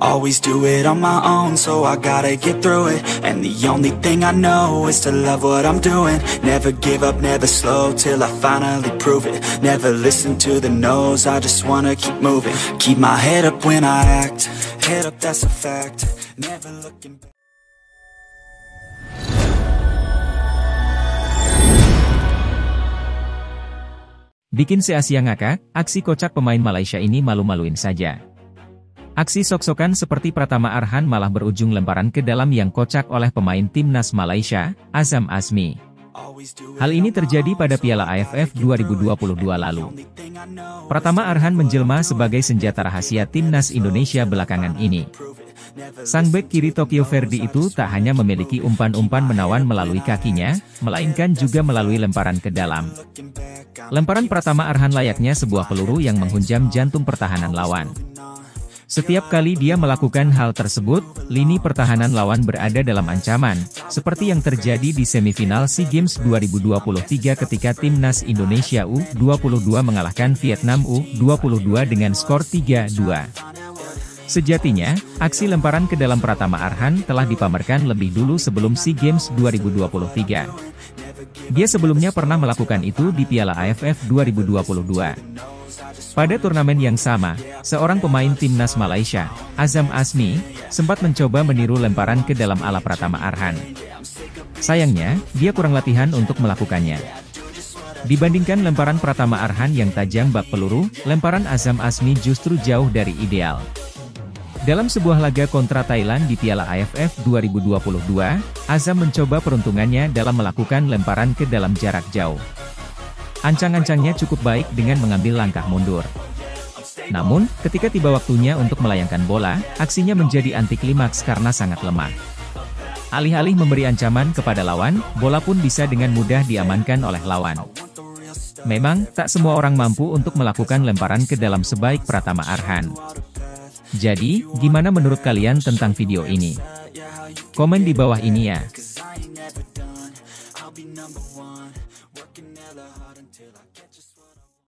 Always do it on my own, so I gotta get through it And the only thing I know is to love what I'm doing Never give up, never slow, till I finally prove it Never listen to the no's, I just wanna keep moving Keep my head up when I act, head up that's a fact Never looking back Bikin se Asia ngakak, aksi kocak pemain Malaysia ini malu-maluin saja. Aksi sok-sokan seperti Pratama Arhan malah berujung lemparan ke dalam yang kocak oleh pemain timnas Malaysia, Azam Azmi. Hal ini terjadi pada Piala AFF 2022 lalu. Pratama Arhan menjelma sebagai senjata rahasia timnas Indonesia belakangan ini. Sang bek kiri Tokyo Verdi itu tak hanya memiliki umpan-umpan menawan melalui kakinya, melainkan juga melalui lemparan ke dalam. Lemparan Pratama Arhan layaknya sebuah peluru yang menghunjam jantung pertahanan lawan. Setiap kali dia melakukan hal tersebut, lini pertahanan lawan berada dalam ancaman, seperti yang terjadi di semifinal SEA Games 2023 ketika Timnas Indonesia U22 mengalahkan Vietnam U22 dengan skor 3-2. Sejatinya, aksi lemparan ke dalam Pratama Arhan telah dipamerkan lebih dulu sebelum SEA Games 2023. Dia sebelumnya pernah melakukan itu di Piala AFF 2022. Pada turnamen yang sama, seorang pemain timnas Malaysia, Azam Asmi, sempat mencoba meniru lemparan ke dalam ala Pratama Arhan. Sayangnya, dia kurang latihan untuk melakukannya. Dibandingkan lemparan Pratama Arhan yang tajam bak peluru, lemparan Azam Asmi justru jauh dari ideal. Dalam sebuah laga kontra Thailand di Piala AFF 2022, Azam mencoba peruntungannya dalam melakukan lemparan ke dalam jarak jauh. Ancang-ancangnya cukup baik dengan mengambil langkah mundur. Namun, ketika tiba waktunya untuk melayangkan bola, aksinya menjadi anti klimaks karena sangat lemah. Alih-alih memberi ancaman kepada lawan, bola pun bisa dengan mudah diamankan oleh lawan. Memang, tak semua orang mampu untuk melakukan lemparan ke dalam sebaik Pratama Arhan. Jadi, gimana menurut kalian tentang video ini? Komen di bawah ini ya.